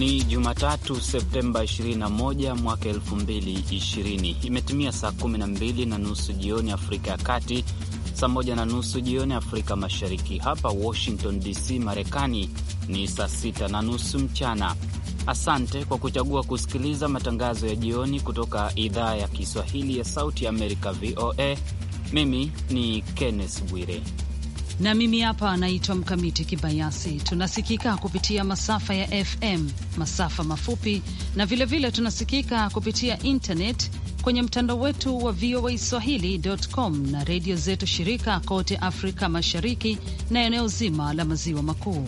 Ni Jumatatu, Septemba 21 mwaka 2020. Imetimia saa 12 na nusu jioni Afrika ya Kati, saa 1 na nusu jioni Afrika Mashariki. Hapa Washington DC, Marekani ni saa 6 na nusu mchana. Asante kwa kuchagua kusikiliza matangazo ya jioni kutoka idhaa ya Kiswahili ya Sauti Amerika, VOA. Mimi ni Kenneth Bwire na mimi hapa naitwa Mkamiti Kibayasi. Tunasikika kupitia masafa ya FM, masafa mafupi, na vilevile vile tunasikika kupitia internet kwenye mtandao wetu wa VOA Swahili.com na redio zetu shirika kote Afrika Mashariki na eneo zima la Maziwa Makuu.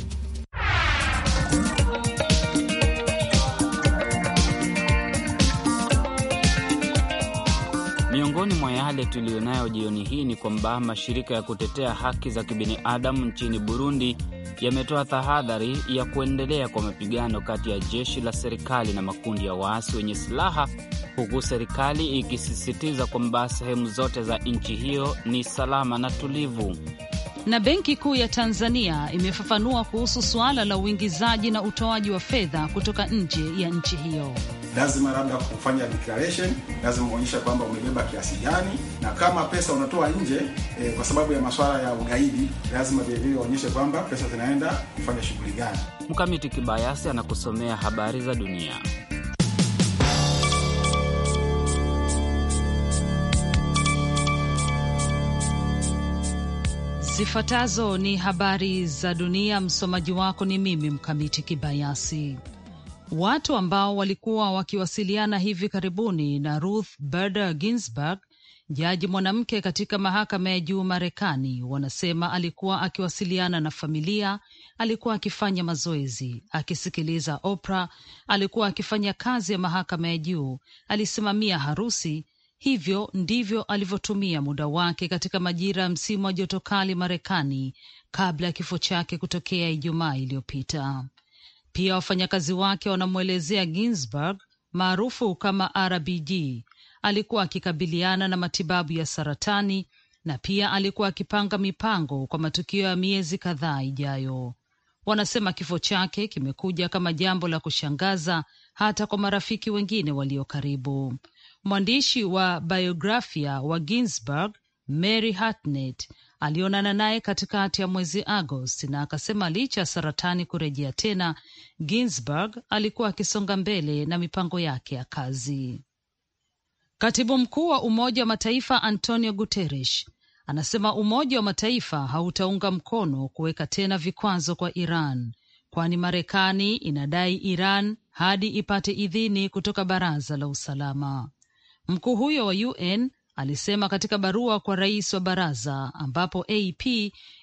yale tuliyonayo jioni hii ni kwamba mashirika ya kutetea haki za kibinadamu nchini Burundi yametoa tahadhari ya kuendelea kwa mapigano kati ya jeshi la serikali na makundi ya waasi wenye silaha, huku serikali ikisisitiza kwamba sehemu zote za nchi hiyo ni salama na tulivu. Na Benki Kuu ya Tanzania imefafanua kuhusu suala la uingizaji na utoaji wa fedha kutoka nje ya nchi hiyo. Lazima labda kufanya declaration, lazima uonyesha kwamba umebeba kiasi gani, na kama pesa unatoa nje e, kwa sababu ya masuala ya ugaidi, lazima vilevile uonyeshe kwamba pesa zinaenda kufanya shughuli gani. Mkamiti Kibayasi anakusomea habari za dunia. Zifuatazo ni habari za dunia. Msomaji wako ni mimi Mkamiti Kibayasi. Watu ambao walikuwa wakiwasiliana hivi karibuni na Ruth Bader Ginsburg, jaji mwanamke katika mahakama ya juu Marekani, wanasema alikuwa akiwasiliana na familia, alikuwa akifanya mazoezi, akisikiliza Oprah, alikuwa akifanya kazi ya mahakama ya juu, alisimamia harusi Hivyo ndivyo alivyotumia muda wake katika majira ya msimu wa joto kali Marekani kabla ya kifo chake kutokea Ijumaa iliyopita. Pia wafanyakazi wake wanamwelezea Ginsburg maarufu kama RBG alikuwa akikabiliana na matibabu ya saratani na pia alikuwa akipanga mipango kwa matukio ya miezi kadhaa ijayo. Wanasema kifo chake kimekuja kama jambo la kushangaza hata kwa marafiki wengine walio karibu. Mwandishi wa biografia wa ginsburg Mary Hartnett alionana naye katikati ya mwezi Agosti na akasema licha ya saratani kurejea tena, ginsburg alikuwa akisonga mbele na mipango yake ya kazi. Katibu mkuu wa Umoja wa Mataifa Antonio Guterres anasema Umoja wa Mataifa hautaunga mkono kuweka tena vikwazo kwa Iran, kwani Marekani inadai Iran hadi ipate idhini kutoka Baraza la Usalama. Mkuu huyo wa UN alisema katika barua kwa rais wa baraza ambapo AP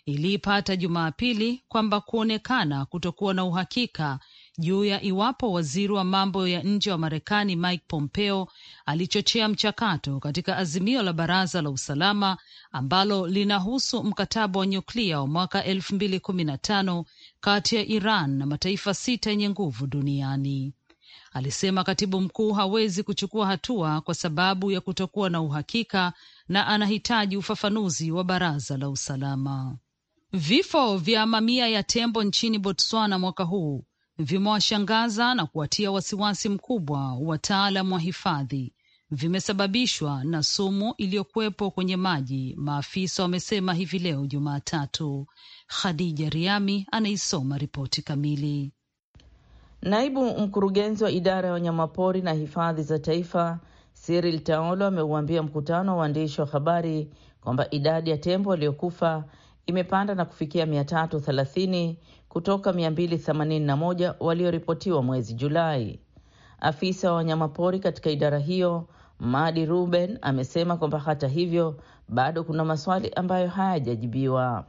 iliipata Jumapili kwamba kuonekana kutokuwa na uhakika juu ya iwapo waziri wa mambo ya nje wa Marekani Mike Pompeo alichochea mchakato katika azimio la baraza la usalama ambalo linahusu mkataba wa nyuklia wa mwaka elfu mbili kumi na tano kati ya Iran na mataifa sita yenye nguvu duniani alisema katibu mkuu hawezi kuchukua hatua kwa sababu ya kutokuwa na uhakika na anahitaji ufafanuzi wa baraza la usalama. Vifo vya mamia ya tembo nchini Botswana mwaka huu vimewashangaza na kuwatia wasiwasi mkubwa wataalam wa hifadhi. Vimesababishwa na sumu iliyokuwepo kwenye maji, maafisa wamesema hivi leo Jumatatu. Khadija Riami anaisoma ripoti kamili. Naibu mkurugenzi wa idara ya wanyamapori na hifadhi za taifa Cyril Taolo ameuambia mkutano wa waandishi wa habari kwamba idadi ya tembo waliokufa imepanda na kufikia 330 kutoka 281 walioripotiwa mwezi Julai. Afisa wa wanyamapori katika idara hiyo Madi Ruben amesema kwamba hata hivyo bado kuna maswali ambayo hayajajibiwa.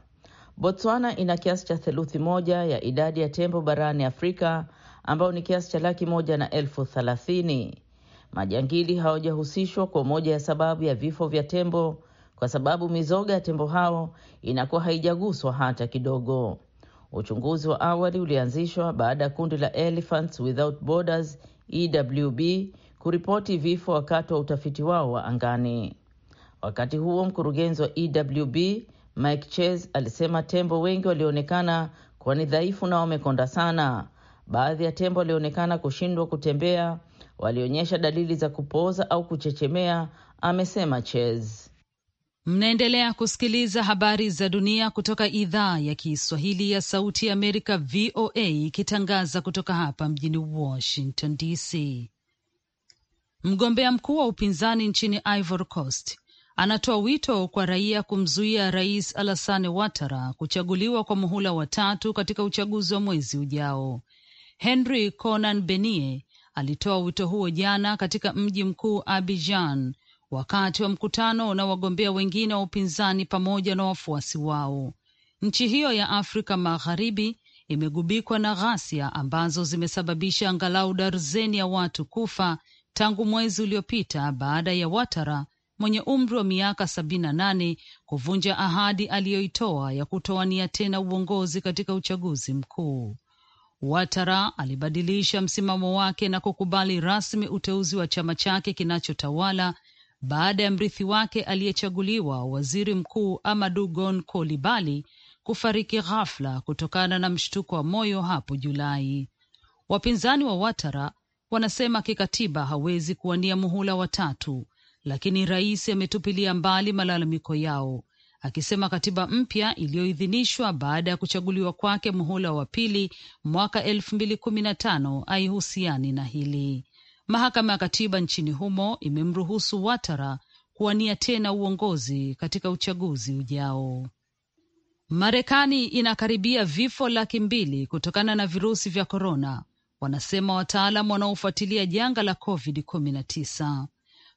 Botswana ina kiasi cha theluthi moja ya idadi ya tembo barani Afrika ambao ni kiasi cha laki moja na elfu thelathini. Majangili hawajahusishwa kwa moja ya sababu ya vifo vya tembo, kwa sababu mizoga ya tembo hao inakuwa haijaguswa hata kidogo. Uchunguzi wa awali ulianzishwa baada ya kundi la Elephants Without Borders EWB kuripoti vifo wakati wa utafiti wao wa angani. Wakati huo mkurugenzi wa EWB Mike Chase alisema tembo wengi walionekana kuwa ni dhaifu na wamekonda sana, Baadhi ya tembo walioonekana kushindwa kutembea walionyesha dalili za kupooza au kuchechemea, amesema Ches. Mnaendelea kusikiliza habari za dunia kutoka idhaa ya Kiswahili ya Sauti ya Amerika, VOA, ikitangaza kutoka hapa mjini Washington DC. Mgombea mkuu wa upinzani nchini Ivory Coast anatoa wito kwa raia kumzuia Rais Alassane Ouattara kuchaguliwa kwa muhula wa tatu katika uchaguzi wa mwezi ujao. Henry Conan Benie alitoa wito huo jana katika mji mkuu Abidjan wakati wa mkutano na wagombea wengine wa upinzani pamoja na wafuasi wao. Nchi hiyo ya Afrika Magharibi imegubikwa na ghasia ambazo zimesababisha angalau darzeni ya watu kufa tangu mwezi uliopita baada ya Watara mwenye umri wa miaka sabini na nane kuvunja ahadi aliyoitoa ya kutowania tena uongozi katika uchaguzi mkuu. Watara alibadilisha msimamo wake na kukubali rasmi uteuzi wa chama chake kinachotawala baada ya mrithi wake aliyechaguliwa waziri mkuu amadu gon Kolibali kufariki ghafla kutokana na mshtuko wa moyo hapo Julai. Wapinzani wa Watara wanasema kikatiba hawezi kuwania muhula watatu, lakini rais ametupilia mbali malalamiko yao akisema katiba mpya iliyoidhinishwa baada ya kuchaguliwa kwake muhula wa pili mwaka elfu mbili kumi na tano haihusiani na hili. Mahakama ya katiba nchini humo imemruhusu Watara kuwania tena uongozi katika uchaguzi ujao. Marekani inakaribia vifo laki mbili kutokana na virusi vya korona, wanasema wataalam wanaofuatilia janga la COVID-19.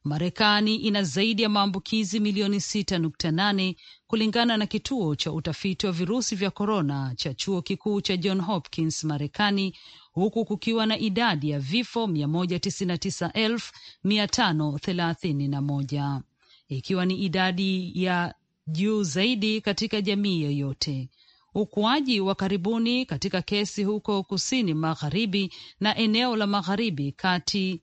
Marekani ina zaidi ya maambukizi milioni 6.8 kulingana na kituo cha utafiti wa virusi vya korona cha chuo kikuu cha John Hopkins Marekani, huku kukiwa na idadi ya vifo 199,531 ikiwa ni idadi ya juu zaidi katika jamii yoyote. Ukuaji wa karibuni katika kesi huko kusini magharibi na eneo la magharibi kati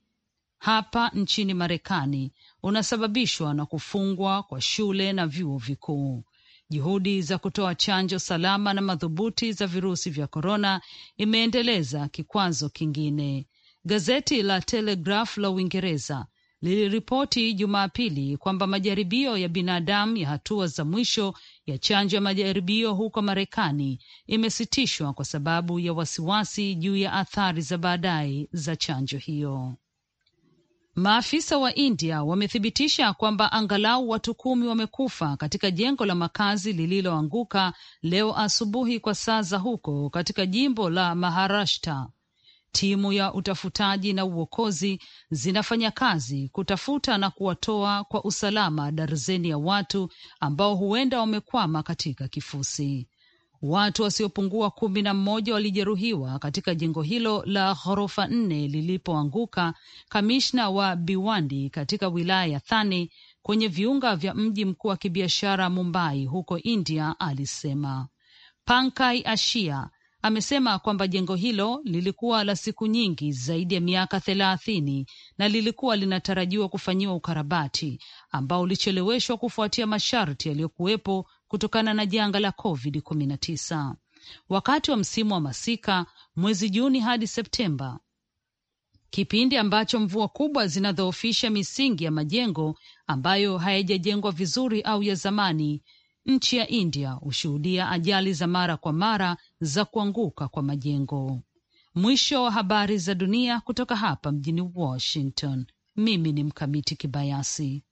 hapa nchini Marekani unasababishwa na kufungwa kwa shule na vyuo vikuu. Juhudi za kutoa chanjo salama na madhubuti za virusi vya korona imeendeleza kikwazo kingine. Gazeti la Telegraph la Uingereza liliripoti Jumapili kwamba majaribio ya binadamu ya hatua za mwisho ya chanjo ya majaribio huko Marekani imesitishwa kwa sababu ya wasiwasi juu ya athari za baadaye za chanjo hiyo. Maafisa wa India wamethibitisha kwamba angalau watu kumi wamekufa katika jengo la makazi lililoanguka leo asubuhi kwa saa za huko katika jimbo la Maharashtra. Timu ya utafutaji na uokozi zinafanya kazi kutafuta na kuwatoa kwa usalama darzeni ya watu ambao huenda wamekwama katika kifusi. Watu wasiopungua kumi na mmoja walijeruhiwa katika jengo hilo la ghorofa nne lilipoanguka, kamishna wa Biwandi katika wilaya ya Thane kwenye viunga vya mji mkuu wa kibiashara Mumbai huko India alisema. pankai Ashia amesema kwamba jengo hilo lilikuwa la siku nyingi zaidi ya miaka thelathini na lilikuwa linatarajiwa kufanyiwa ukarabati ambao ulicheleweshwa kufuatia masharti yaliyokuwepo kutokana na janga la COVID-19. Wakati wa msimu wa masika mwezi Juni hadi Septemba, kipindi ambacho mvua kubwa zinadhoofisha misingi ya majengo ambayo hayajajengwa vizuri au ya zamani, nchi ya India hushuhudia ajali za mara kwa mara za kuanguka kwa majengo. Mwisho wa habari za dunia kutoka hapa mjini Washington. Mimi ni Mkamiti Kibayasi.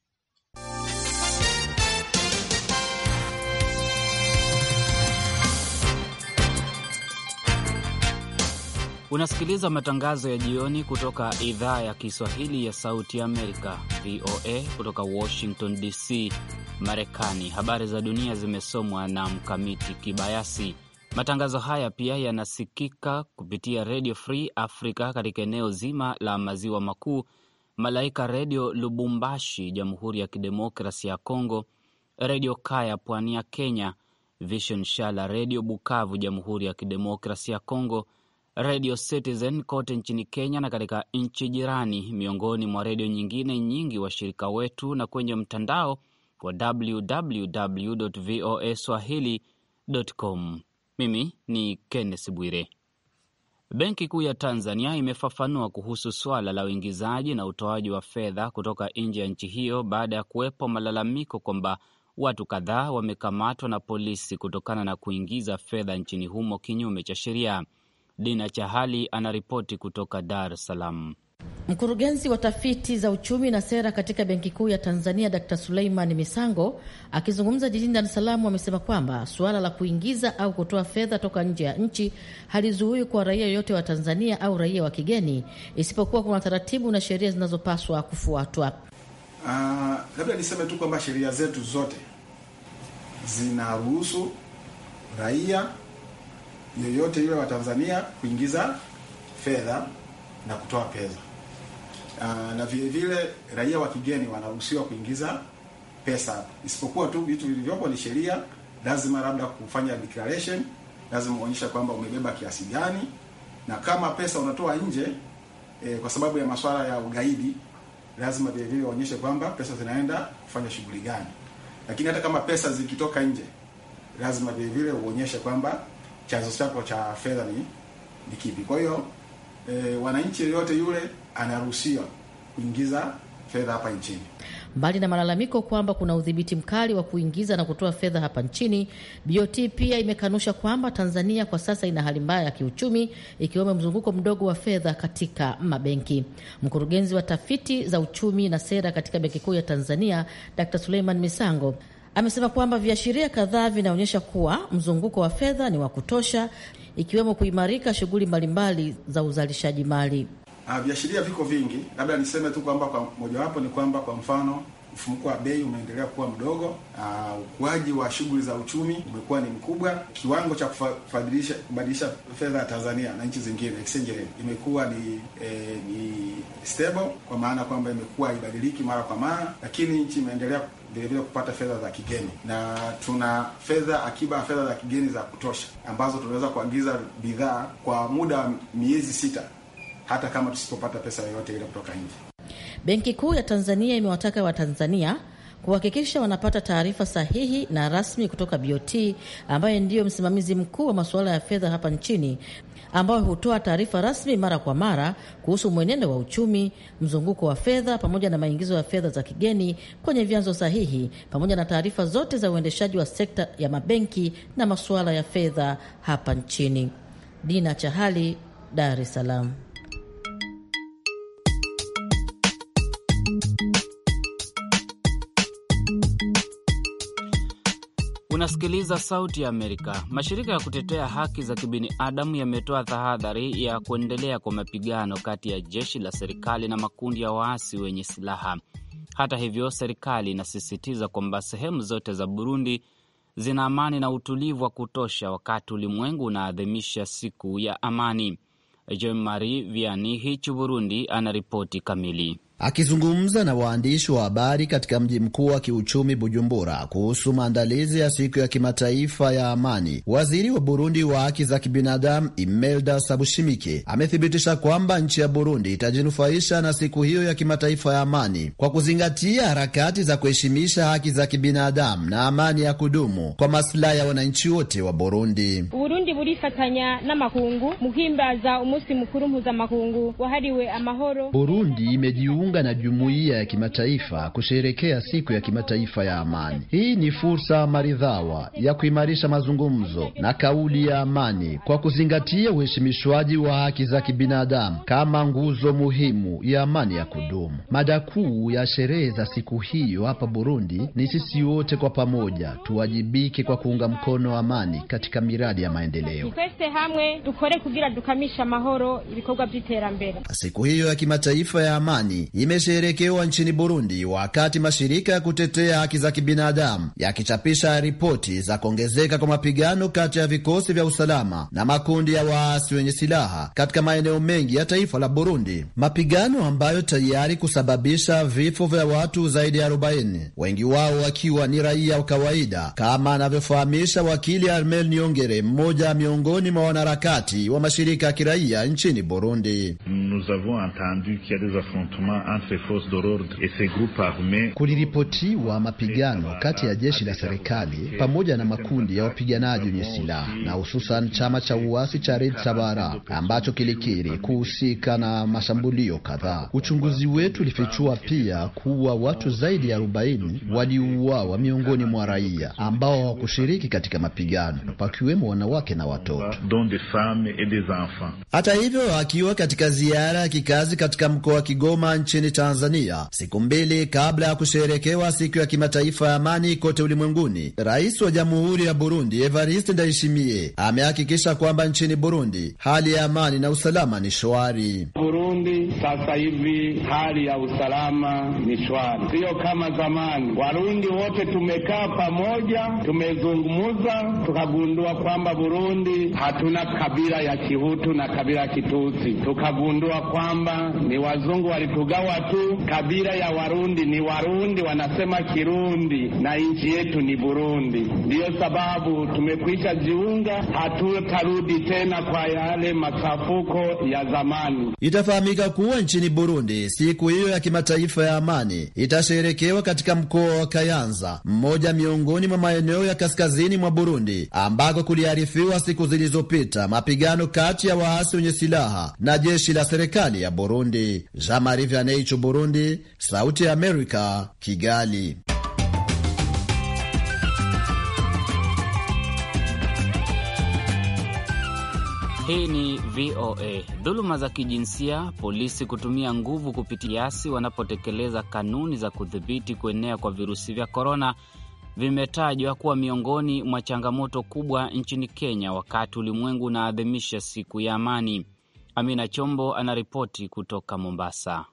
Unasikiliza matangazo ya jioni kutoka idhaa ya Kiswahili ya Sauti ya Amerika, VOA, kutoka Washington DC, Marekani. Habari za dunia zimesomwa na Mkamiti Kibayasi. Matangazo haya pia yanasikika kupitia Redio Free Africa katika eneo zima la maziwa makuu, Malaika Redio Lubumbashi, Jamhuri ya Kidemokrasi ya congo Redio Kaya pwani ya Kenya, Vision Shala Redio Bukavu, Jamhuri ya Kidemokrasi ya congo Radio Citizen kote nchini Kenya na katika nchi jirani, miongoni mwa redio nyingine nyingi washirika wetu, na kwenye mtandao wa www voa swahili.com. Mimi ni kennes Bwire. Benki Kuu ya Tanzania imefafanua kuhusu swala la uingizaji na utoaji wa fedha kutoka nje ya nchi hiyo baada ya kuwepo malalamiko kwamba watu kadhaa wamekamatwa na polisi kutokana na kuingiza fedha nchini humo kinyume cha sheria. Dina Chahali anaripoti kutoka Dar es Salaam. Mkurugenzi wa tafiti za uchumi na sera katika Benki Kuu ya Tanzania Dkt Suleiman Misango akizungumza jijini Dar es Salaam amesema kwamba suala la kuingiza au kutoa fedha toka nje ya nchi halizuii kwa raia yoyote wa Tanzania au raia wa kigeni, isipokuwa kuna taratibu na sheria zinazopaswa kufuatwa. Uh, labda niseme tu kwamba sheria zetu zote zinaruhusu raia yoyote yule wa Tanzania kuingiza fedha na kutoa pesa. Aa, ah, na vile vile raia wa kigeni wanaruhusiwa kuingiza pesa, isipokuwa tu vitu vilivyopo ni sheria, lazima labda kufanya declaration, lazima uonyesha kwamba umebeba kiasi gani, na kama pesa unatoa nje e, kwa sababu ya masuala ya ugaidi, lazima vile vile uonyeshe kwamba pesa zinaenda kufanya shughuli gani. Lakini hata kama pesa zikitoka nje, lazima vile vile uonyeshe kwamba chanzo chako cha fedha ni, ni kipi. Kwa hiyo e, wananchi yoyote yule anaruhusiwa kuingiza fedha hapa nchini. Mbali na malalamiko kwamba kuna udhibiti mkali wa kuingiza na kutoa fedha hapa nchini, BOT pia imekanusha kwamba Tanzania kwa sasa ina hali mbaya ya kiuchumi ikiwemo mzunguko mdogo wa fedha katika mabenki. Mkurugenzi wa tafiti za uchumi na sera katika Benki Kuu ya Tanzania, Dr. Suleiman Misango Amesema kwamba viashiria kadhaa vinaonyesha kuwa mzunguko wa fedha ni wa kutosha, ikiwemo kuimarika shughuli mbalimbali za uzalishaji mali. Ah, viashiria viko vingi, labda niseme tu kwamba kwa mojawapo ni kwamba kwa mfano mfumuko wa bei umeendelea kuwa mdogo, uh, ukuaji wa shughuli za uchumi umekuwa ni mkubwa, kiwango cha kufadilisha kubadilisha fedha ya Tanzania na nchi zingine exchange rate imekuwa ni, eh, ni stable kwa maana kwamba imekuwa ibadiliki mara kwa mara, lakini nchi imeendelea vilevile kupata fedha za kigeni na tuna fedha akiba ya fedha za kigeni za kutosha ambazo tunaweza kuagiza bidhaa kwa muda wa miezi sita hata kama tusipopata pesa yoyote ile kutoka nje. Benki Kuu ya Tanzania imewataka Watanzania kuhakikisha wanapata taarifa sahihi na rasmi kutoka BOT ambaye ndiyo msimamizi mkuu wa masuala ya fedha hapa nchini, ambayo hutoa taarifa rasmi mara kwa mara kuhusu mwenendo wa uchumi, mzunguko wa fedha, pamoja na maingizo ya fedha za kigeni kwenye vyanzo sahihi, pamoja na taarifa zote za uendeshaji wa sekta ya mabenki na masuala ya fedha hapa nchini. Dina Chahali, Dar es Salaam. Unasikiliza Sauti ya Amerika. Mashirika ya kutetea haki za kibinadamu yametoa tahadhari ya kuendelea kwa mapigano kati ya jeshi la serikali na makundi ya waasi wenye silaha. Hata hivyo, serikali inasisitiza kwamba sehemu zote za Burundi zina amani na utulivu wa kutosha, wakati ulimwengu unaadhimisha siku ya amani. Jean Marie Vianney hichu Burundi anaripoti kamili. Akizungumza na waandishi wa habari katika mji mkuu wa kiuchumi Bujumbura kuhusu maandalizi ya siku ya kimataifa ya amani, waziri wa Burundi wa haki za kibinadamu Imelda Sabushimike amethibitisha kwamba nchi ya Burundi itajinufaisha na siku hiyo ya kimataifa ya amani kwa kuzingatia harakati za kuheshimisha haki za kibinadamu na amani ya kudumu kwa masilahi ya wananchi wote wa Burundi. Burundi burifatanya mukuru mpuzamakungu wahariwe amahoro. Burundi imejiunga kujiunga na jumuiya ya kimataifa kusherekea siku ya kimataifa ya amani. Hii ni fursa maridhawa ya kuimarisha mazungumzo na kauli ya amani kwa kuzingatia uheshimishwaji wa haki za kibinadamu kama nguzo muhimu ya amani ya kudumu. Mada kuu ya sherehe za siku hiyo hapa Burundi ni sisi wote kwa pamoja tuwajibike kwa kuunga mkono amani katika miradi ya maendeleo. Siku hiyo ya kimataifa ya amani imesherekewa nchini Burundi, wakati mashirika ya kutetea haki za kibinadamu yakichapisha ripoti za kuongezeka kwa mapigano kati ya vikosi vya usalama na makundi ya waasi wenye silaha katika maeneo mengi ya taifa la Burundi, mapigano ambayo tayari kusababisha vifo vya watu zaidi ya 40, wengi wao wakiwa ni raia wa kawaida, kama anavyofahamisha wakili Armel Niongere, mmoja miongoni mwa wanaharakati wa mashirika ya kiraia nchini Burundi. Nous avons entendu qu'il y a des affrontements kuliripotiwa mapigano kati ya jeshi la serikali pamoja na makundi ya wapiganaji wenye silaha na hususan chama cha uasi cha Red Tabara ambacho kilikiri kuhusika na mashambulio kadhaa. Uchunguzi wetu ulifichua pia kuwa watu zaidi ya 40 waliuawa miongoni mwa raia ambao hawakushiriki katika mapigano, pakiwemo wanawake na watoto. Hata hivyo, akiwa katika ziara ya kikazi katika mkoa wa Kigoma nchi nchini Tanzania siku mbili kabla ya kusherekewa siku ya kimataifa ya amani kote ulimwenguni, rais wa jamhuri ya Burundi Evariste Ndayishimiye amehakikisha kwamba nchini Burundi hali ya amani na usalama ni shwari. Burundi sasa hivi hali ya usalama ni shwari, siyo kama zamani. Warundi wote tumekaa pamoja, tumezungumza, tukagundua kwamba Burundi hatuna kabila ya kihutu na kabila ya kitusi, tukagundua kwamba ni wazungu walitugawa sawa tu. Kabila ya Warundi ni Warundi, wanasema Kirundi na nchi yetu ni Burundi. Ndiyo sababu tumekwisha jiunga, hatutarudi tena kwa yale machafuko ya zamani. Itafahamika kuwa nchini Burundi siku hiyo ya kimataifa ya amani itasherekewa katika mkoa wa Kayanza, mmoja miongoni mwa maeneo ya kaskazini mwa Burundi ambako kuliarifiwa siku zilizopita mapigano kati ya waasi wenye silaha na jeshi la serikali ya Burundi. Jean Marie Icho Burundi, Sauti ya Amerika, Kigali. Hii ni VOA. Dhuluma za kijinsia, polisi kutumia nguvu kupitia kiasi wanapotekeleza kanuni za kudhibiti kuenea kwa virusi vya korona vimetajwa kuwa miongoni mwa changamoto kubwa nchini Kenya wakati ulimwengu unaadhimisha siku ya amani. Amina Chombo anaripoti kutoka Mombasa.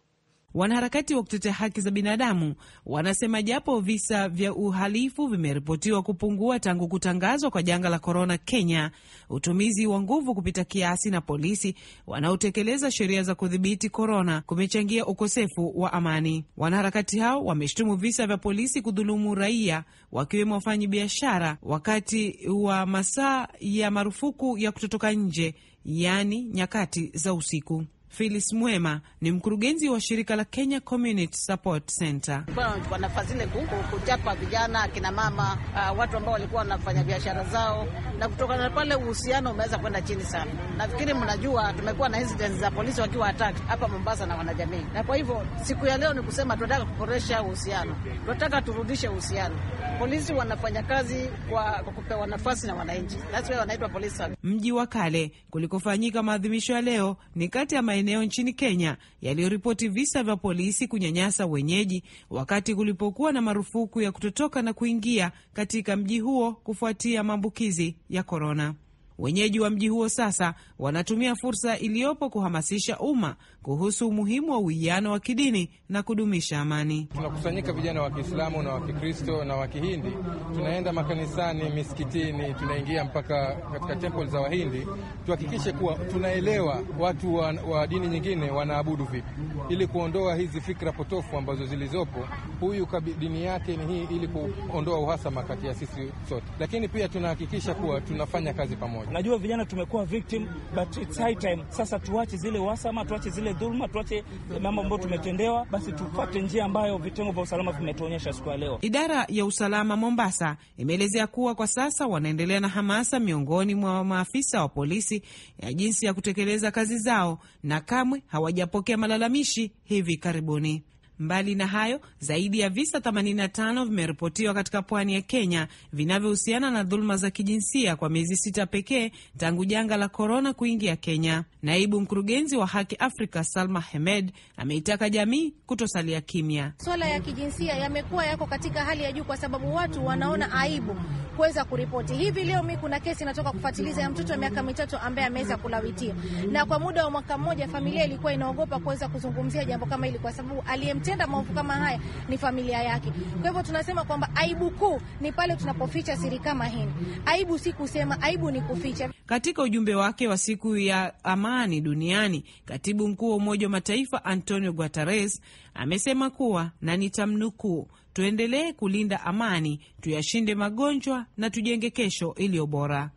Wanaharakati wa kutetea haki za binadamu wanasema japo visa vya uhalifu vimeripotiwa kupungua tangu kutangazwa kwa janga la korona Kenya, utumizi wa nguvu kupita kiasi na polisi wanaotekeleza sheria za kudhibiti korona kumechangia ukosefu wa amani. Wanaharakati hao wameshtumu visa vya polisi kudhulumu raia, wakiwemo wafanyi biashara wakati wa masaa ya marufuku ya kutotoka nje, yaani nyakati za usiku. Phyllis Mwema ni mkurugenzi wa shirika la Kenya Community Support Center. Kwa nafasi ile Wanafadhili kuchapa vijana, akina mama, uh, watu ambao walikuwa wanafanya biashara zao, na kutokana na pale uhusiano umeweza kwenda chini sana. Nafikiri mnajua tumekuwa na incidents za polisi wakiwa attack hapa Mombasa na wanajamii, na kwa hivyo siku ya leo ni kusema tunataka kuboresha uhusiano, tunataka turudishe uhusiano. Polisi wanafanya kazi kwa kupewa nafasi na wananchi, that's why wanaitwa police. Mji wa kale kulikofanyika maadhimisho ya leo ni kati ya maeneo maeneo nchini Kenya yaliyoripoti visa vya polisi kunyanyasa wenyeji wakati kulipokuwa na marufuku ya kutotoka na kuingia katika mji huo kufuatia maambukizi ya korona. Wenyeji wa mji huo sasa wanatumia fursa iliyopo kuhamasisha umma kuhusu umuhimu wa uwiano wa kidini na kudumisha amani. Tunakusanyika vijana wa Kiislamu na wa Kikristo na wa Kihindi, tunaenda makanisani, misikitini, tunaingia mpaka katika temple za Wahindi, tuhakikishe kuwa tunaelewa watu wa, wa dini nyingine wanaabudu vipi, ili kuondoa hizi fikra potofu ambazo zilizopo. Huyu dini yake ni hii, ili kuondoa uhasama kati ya sisi sote, lakini pia tunahakikisha kuwa tunafanya kazi pamoja. Najua vijana tumekuwa victim but it's high time sasa tuache zile uhasama, tuache zile dhuluma, tuache mambo ambayo tumetendewa, basi tufuate njia ambayo vitengo vya usalama vimetuonyesha siku ya leo. Idara ya usalama Mombasa imeelezea kuwa kwa sasa wanaendelea na hamasa miongoni mwa maafisa wa polisi ya jinsi ya kutekeleza kazi zao na kamwe hawajapokea malalamishi hivi karibuni. Mbali na hayo, zaidi ya visa 85 vimeripotiwa katika pwani ya Kenya vinavyohusiana na dhuluma za kijinsia kwa miezi sita pekee tangu janga la korona kuingia Kenya. Naibu mkurugenzi wa Haki Afrika Salma Hemed ameitaka jamii kutosalia kimya. Swala ya kijinsia yamekuwa yako katika hali ya juu kwa sababu watu wanaona aibu kuweza kuripoti. Hivi leo mi kuna kesi inatoka kufuatiliza ya mtoto wa miaka mitatu ambaye ameweza kulawitia, na kwa muda wa mwaka mmoja familia ilikuwa inaogopa kuweza kuzungumzia jambo kama hili, kwa sababu aliyemtenda maovu kama haya ni familia yake. Kwa hivyo tunasema kwamba aibu kuu ni pale tunapoficha siri kama hili. Aibu si kusema, aibu ni kuficha. Katika ujumbe wake wa siku ya amani amani duniani, katibu mkuu wa Umoja wa Mataifa Antonio Guterres amesema kuwa na nitamnukuu, tuendelee kulinda amani, tuyashinde magonjwa na tujenge kesho iliyo bora.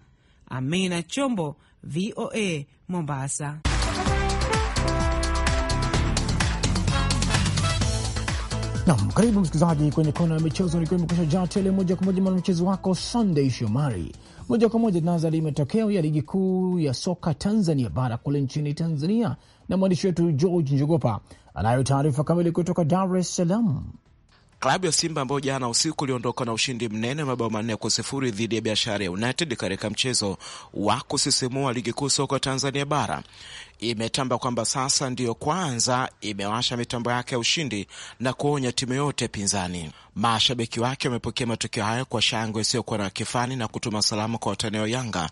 Amina Chombo, VOA, Mombasa. Nam, karibu msikilizaji kwenye kona ya michezo, nikiwa imekesha jaa tele moja kwa moja mwanamchezo wako Sunday Shomari moja kwa moja tunaanza matokeo ya ligi kuu ya soka Tanzania bara kule nchini Tanzania, na mwandishi wetu George Njogopa anayo taarifa kamili kutoka Dar es Salaam. Klabu ya Simba ambayo jana usiku iliondoka na ushindi mnene mabao manne kwa sifuri dhidi ya Biashara ya United katika mchezo wa kusisimua ligi kuu soka Tanzania bara imetamba kwamba sasa ndiyo kwanza imewasha mitambo yake ya ushindi na kuonya timu yote pinzani. Mashabiki wake wamepokea matokeo hayo kwa shangwe isiyokuwa na kifani na kutuma salamu kwa watani wa Yanga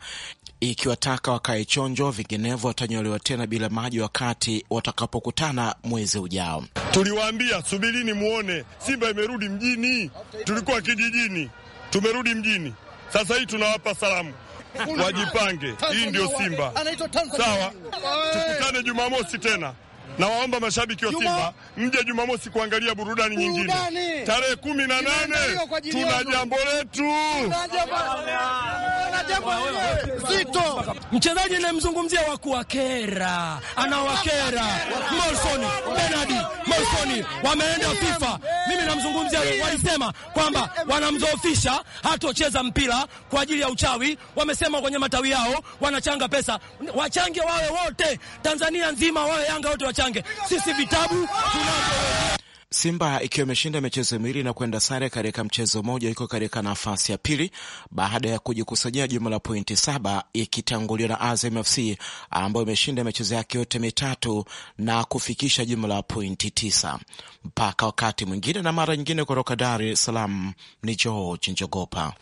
ikiwataka wakae chonjo, vinginevyo watanyolewa tena bila maji wakati watakapokutana mwezi ujao. Tuliwaambia subirini muone, Simba imerudi mjini. Tulikuwa kijijini, tumerudi mjini. Sasa hii tunawapa salamu wajipange, hii ndio Simba. Sawa, tukutane Jumamosi tena. Nawaomba mashabiki wa Simba mje Jumamosi kuangalia burudani nyingine. Tarehe kumi na nane tuna jambo letu zito. Mchezaji namzungumzia wakuwakera, anawakera Molsoni Benadi Molsoni, wameenda FIFA. Mimi namzungumzia, walisema kwamba wanamzoofisha, hatocheza mpira kwa ajili ya uchawi. Wamesema kwenye matawi yao wanachanga pesa, wachange wawe wote, Tanzania nzima wawe Yanga wote change sisi vitabu Simba ikiwa imeshinda michezo miwili na kwenda sare katika mchezo mmoja, iko katika nafasi ya pili baada ya kujikusanyia jumla la pointi saba ikitanguliwa na Azam FC ambayo imeshinda michezo yake yote mitatu na kufikisha jumla la pointi tisa. Mpaka wakati mwingine na mara nyingine, kutoka Dar es Salaam ni George Njogopa.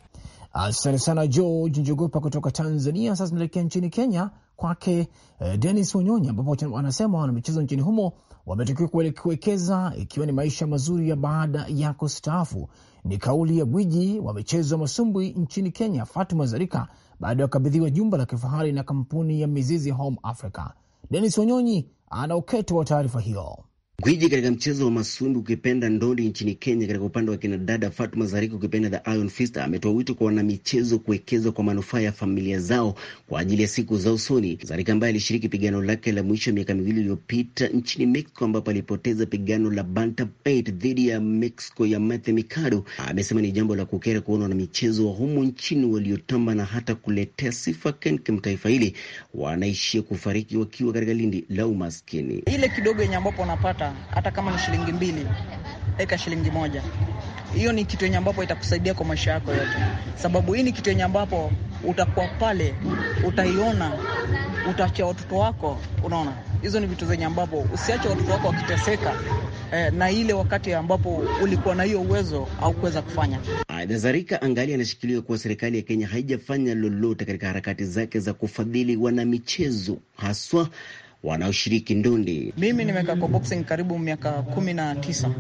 Asante sana George Njogopa kutoka Tanzania. Sasa tunaelekea nchini Kenya kwake eh, Denis Wanyonyi, ambapo wanasema wanamichezo nchini humo wametakiwa kuwekeza ikiwa ni maisha mazuri ya baada ya kustaafu. Ni kauli ya gwiji wa michezo ya masumbwi nchini Kenya, Fatuma Zarika, baada ya kukabidhiwa jumba la kifahari na kampuni ya Mizizi Home Africa. denis Wanyonyi ana uketo wa taarifa hiyo. Gwiji katika mchezo wa masundu ukipenda ndondi nchini Kenya, katika upande wa kinadada Fatuma Zarika ukipenda the Iron Fist ametoa wito kwa wanamichezo kuwekeza kwa manufaa ya familia zao kwa ajili ya siku za usoni. Zarika ambaye alishiriki pigano lake la mwisho miaka miwili iliyopita nchini Mexico ambapo alipoteza pigano la Banta Pet dhidi ya Mexico ya Mathe Mikado amesema ni jambo la kukera kuona wanamichezo wa humu nchini waliotamba na hata kuletea sifa KenChem taifa hili wanaishia kufariki wakiwa katika lindi la umaskini. Ile kidogo yenye ambapo unapata unapata hata kama ni shilingi mbili, eka shilingi moja. Hiyo ni kitu yenye ambapo itakusaidia kwa maisha yako yote, sababu hii ni kitu yenye ambapo utakuwa pale, utaiona, utaachia watoto wako. Unaona, hizo ni vitu zenye ambapo usiache watoto wako wakiteseka eh, na ile wakati ambapo ulikuwa na hiyo uwezo au kuweza kufanya. Nazarika angali anashikiliwa kuwa serikali ya Kenya haijafanya lolote katika harakati zake za kufadhili wanamichezo haswa wanaoshiriki ndondi. Mimi nimekaa kwa boxing karibu miaka kumi na tisa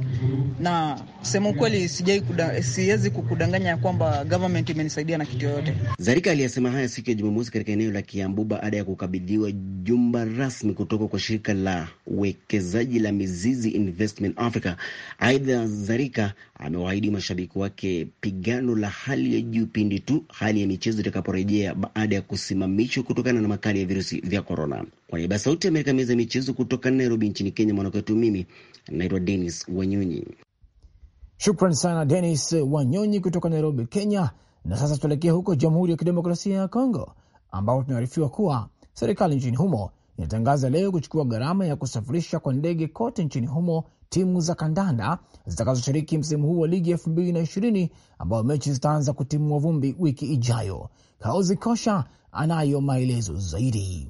na sema ukweli, sijai kuda, siwezi kukudanganya ya kwamba government imenisaidia na kitu yoyote. Zarika aliyesema haya siku ya Jumamosi katika eneo la Kiambu baada ya kukabidhiwa jumba rasmi kutoka kwa shirika la uwekezaji la Mizizi Investment Africa. Aidha, Zarika amewaahidi mashabiki wake pigano la hali ya juu pindi tu hali ya michezo itakaporejea baada ya kusimamishwa kutokana na makali ya virusi vya korona. Kwa niaba ya Sauti katika meza ya michezo kutoka Nairobi nchini Kenya. Mwanakwetu mimi naitwa Denis Wanyonyi. Shukran sana Denis Wanyonyi kutoka Nairobi, Kenya. Na sasa tuelekea huko Jamhuri ya Kidemokrasia ya Kongo, ambapo tunaarifiwa kuwa serikali nchini humo inatangaza leo kuchukua gharama ya kusafirisha kwa ndege kote nchini humo timu za kandanda zitakazoshiriki msimu huu wa ligi elfu mbili na ishirini ambayo mechi zitaanza kutimua vumbi wiki ijayo. Kaozi Kosha anayo maelezo zaidi.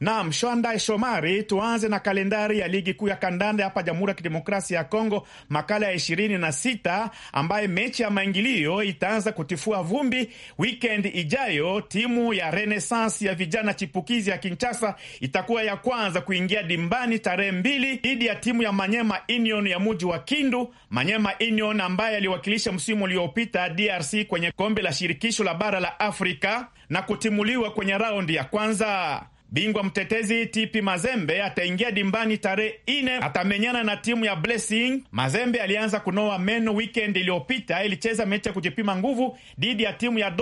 Nam Shwandai Shomari, tuanze na kalendari ya ligi kuu ya kandanda hapa Jamhuri ya Kidemokrasia ya Kongo, makala ya ishirini na sita ambaye mechi ya maingilio itaanza kutifua vumbi wikendi ijayo. Timu ya Renaissance ya vijana chipukizi ya Kinshasa itakuwa ya kwanza kuingia dimbani tarehe mbili dhidi ya timu ya Manyema Union ya muji wa Kindu. Manyema Union ambaye aliwakilisha msimu uliopita DRC kwenye kombe la shirikisho la bara la Afrika na kutimuliwa kwenye raundi ya kwanza. Bingwa mtetezi Tipi Mazembe ataingia dimbani tarehe ine, atamenyana na timu ya Blessing. Mazembe alianza kunoa meno wikend iliyopita, ilicheza mechi ya kujipima nguvu dhidi ya timu ya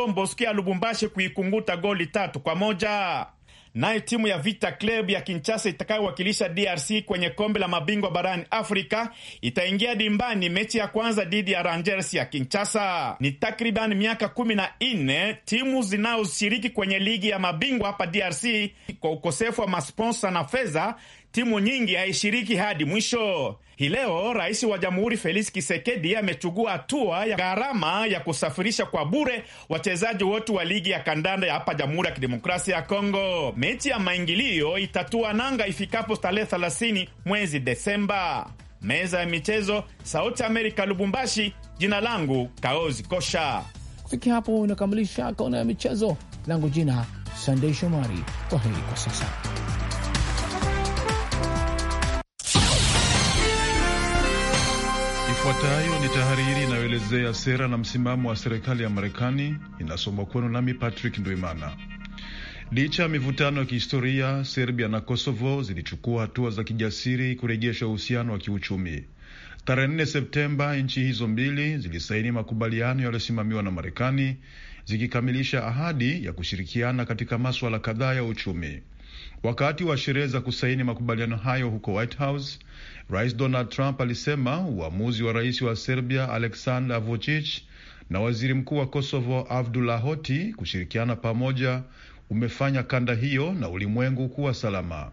ya Lubumbashi kuikunguta goli tatu kwa moja. Naye timu ya Vita Club ya Kinshasa itakayowakilisha DRC kwenye kombe la mabingwa barani Afrika itaingia dimbani mechi ya kwanza dhidi ya Rangers ya Kinshasa. Ni takriban miaka kumi na nne timu zinazoshiriki kwenye ligi ya mabingwa hapa DRC. Kwa ukosefu wa masponsa na fedha, timu nyingi haishiriki hadi mwisho. Hii leo rais wa jamhuri Felix Tshisekedi amechukua hatua ya gharama ya kusafirisha kwa bure wachezaji wote wa ligi ya kandanda ya hapa Jamhuri ya Kidemokrasia ya Kongo. Mechi ya maingilio itatua nanga ifikapo tarehe 30 mwezi Desemba. Meza ya michezo, Sauti Amerika, Lubumbashi. Jina langu Kaozi Kosha. Kufikia hapo unakamilisha kona ya michezo langu, jina Sandei Shomari. Kwa heri kwa sasa. Ifuatayo ni tahariri inayoelezea sera na msimamo wa serikali ya Marekani. Inasomwa kwenu nami Patrick Ndwimana. Licha ya mivutano ya kihistoria, Serbia na Kosovo zilichukua hatua za kijasiri kurejesha uhusiano wa kiuchumi. Tarehe 4 Septemba, nchi hizo mbili zilisaini makubaliano yaliyosimamiwa na Marekani zikikamilisha ahadi ya kushirikiana katika maswala kadhaa ya uchumi. Wakati wa sherehe za kusaini makubaliano hayo huko White House, Rais Donald Trump alisema uamuzi wa rais wa Serbia Aleksandar Vucic na waziri mkuu wa Kosovo Abdullah Hoti kushirikiana pamoja umefanya kanda hiyo na ulimwengu kuwa salama.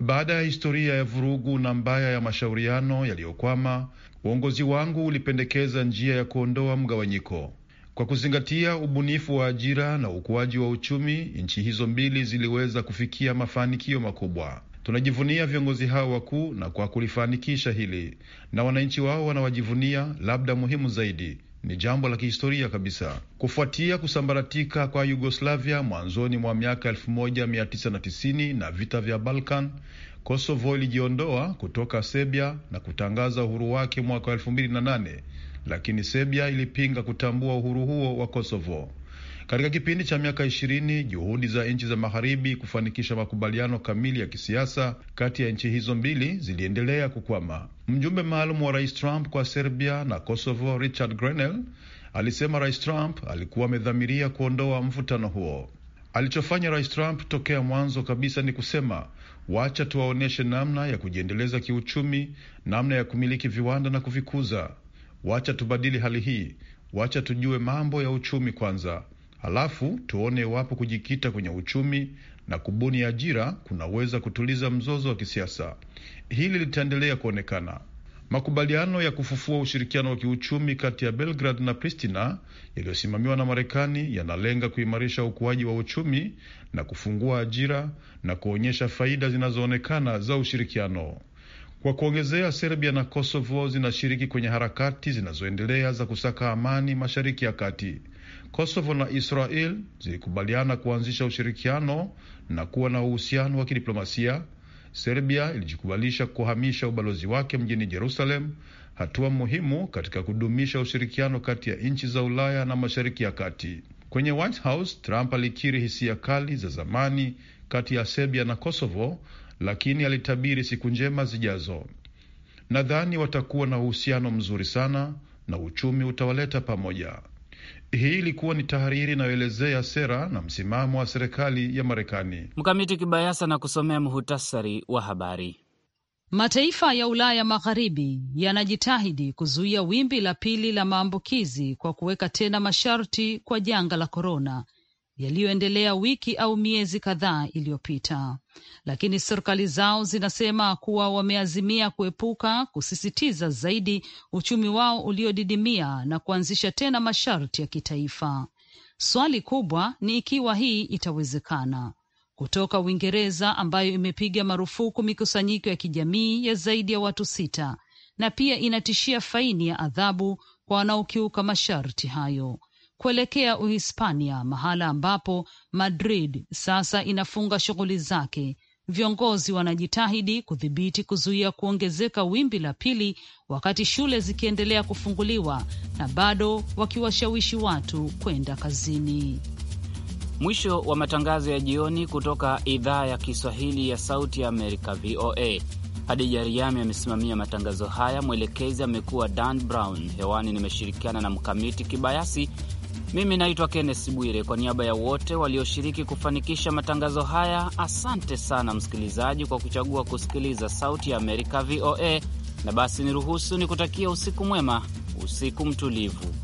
Baada ya historia ya vurugu na mbaya ya mashauriano yaliyokwama, uongozi wangu ulipendekeza njia ya kuondoa mgawanyiko kwa kuzingatia ubunifu wa ajira na ukuaji wa uchumi. Nchi hizo mbili ziliweza kufikia mafanikio makubwa. Tunajivunia viongozi hao wakuu na kwa kulifanikisha hili, na wananchi wao wanawajivunia. Labda muhimu zaidi ni jambo la kihistoria kabisa kufuatia kusambaratika kwa Yugoslavia mwanzoni mwa miaka 1990 na vita vya Balkan. Kosovo ilijiondoa kutoka Serbia na kutangaza uhuru wake mwaka 2008, lakini Serbia ilipinga kutambua uhuru huo wa Kosovo. Katika kipindi cha miaka ishirini, juhudi za nchi za magharibi kufanikisha makubaliano kamili ya kisiasa kati ya nchi hizo mbili ziliendelea kukwama. Mjumbe maalum wa Rais Trump kwa Serbia na Kosovo, Richard Grenell, alisema Rais Trump alikuwa amedhamiria kuondoa mvutano huo. Alichofanya Rais Trump tokea mwanzo kabisa ni kusema wacha tuwaonyeshe namna ya kujiendeleza kiuchumi, namna ya kumiliki viwanda na kuvikuza. Wacha tubadili hali hii, wacha tujue mambo ya uchumi kwanza. Halafu tuone iwapo kujikita kwenye uchumi na kubuni ajira kunaweza kutuliza mzozo wa kisiasa. Hili litaendelea kuonekana. Makubaliano ya kufufua ushirikiano wa kiuchumi kati ya Belgrad na Pristina yaliyosimamiwa na Marekani yanalenga kuimarisha ukuaji wa uchumi na kufungua ajira na kuonyesha faida zinazoonekana za ushirikiano. Kwa kuongezea, Serbia na Kosovo zinashiriki kwenye harakati zinazoendelea za kusaka amani Mashariki ya Kati. Kosovo na Israel zilikubaliana kuanzisha ushirikiano na kuwa na uhusiano wa kidiplomasia. Serbia ilijikubalisha kuhamisha ubalozi wake mjini Jerusalem, hatua muhimu katika kudumisha ushirikiano kati ya nchi za Ulaya na Mashariki ya Kati. Kwenye White House, Trump alikiri hisia kali za zamani kati ya Serbia na Kosovo, lakini alitabiri siku njema zijazo. Nadhani watakuwa na uhusiano mzuri sana na uchumi utawaleta pamoja. Hii ilikuwa ni tahariri inayoelezea sera na msimamo wa serikali ya Marekani. Mkamiti Kibayasa na kusomea muhutasari wa habari. Mataifa ya Ulaya Magharibi yanajitahidi kuzuia wimbi la pili la maambukizi kwa kuweka tena masharti kwa janga la korona yaliyoendelea wiki au miezi kadhaa iliyopita, lakini serikali zao zinasema kuwa wameazimia kuepuka kusisitiza zaidi uchumi wao uliodidimia na kuanzisha tena masharti ya kitaifa. Swali kubwa ni ikiwa hii itawezekana kutoka Uingereza ambayo imepiga marufuku mikusanyiko ya kijamii ya zaidi ya watu sita na pia inatishia faini ya adhabu kwa wanaokiuka masharti hayo kuelekea Uhispania, mahala ambapo Madrid sasa inafunga shughuli zake. Viongozi wanajitahidi kudhibiti kuzuia kuongezeka wimbi la pili, wakati shule zikiendelea kufunguliwa na bado wakiwashawishi watu kwenda kazini. Mwisho wa matangazo ya jioni kutoka idhaa ya Kiswahili ya Sauti ya Amerika, VOA. Hadija Riami amesimamia matangazo haya, mwelekezi amekuwa Dan Brown. Hewani nimeshirikiana na Mkamiti Kibayasi. Mimi naitwa Kenneth Bwire. Kwa niaba ya wote walioshiriki kufanikisha matangazo haya, asante sana msikilizaji kwa kuchagua kusikiliza Sauti ya Amerika, VOA. Na basi niruhusu nikutakia usiku mwema, usiku mtulivu.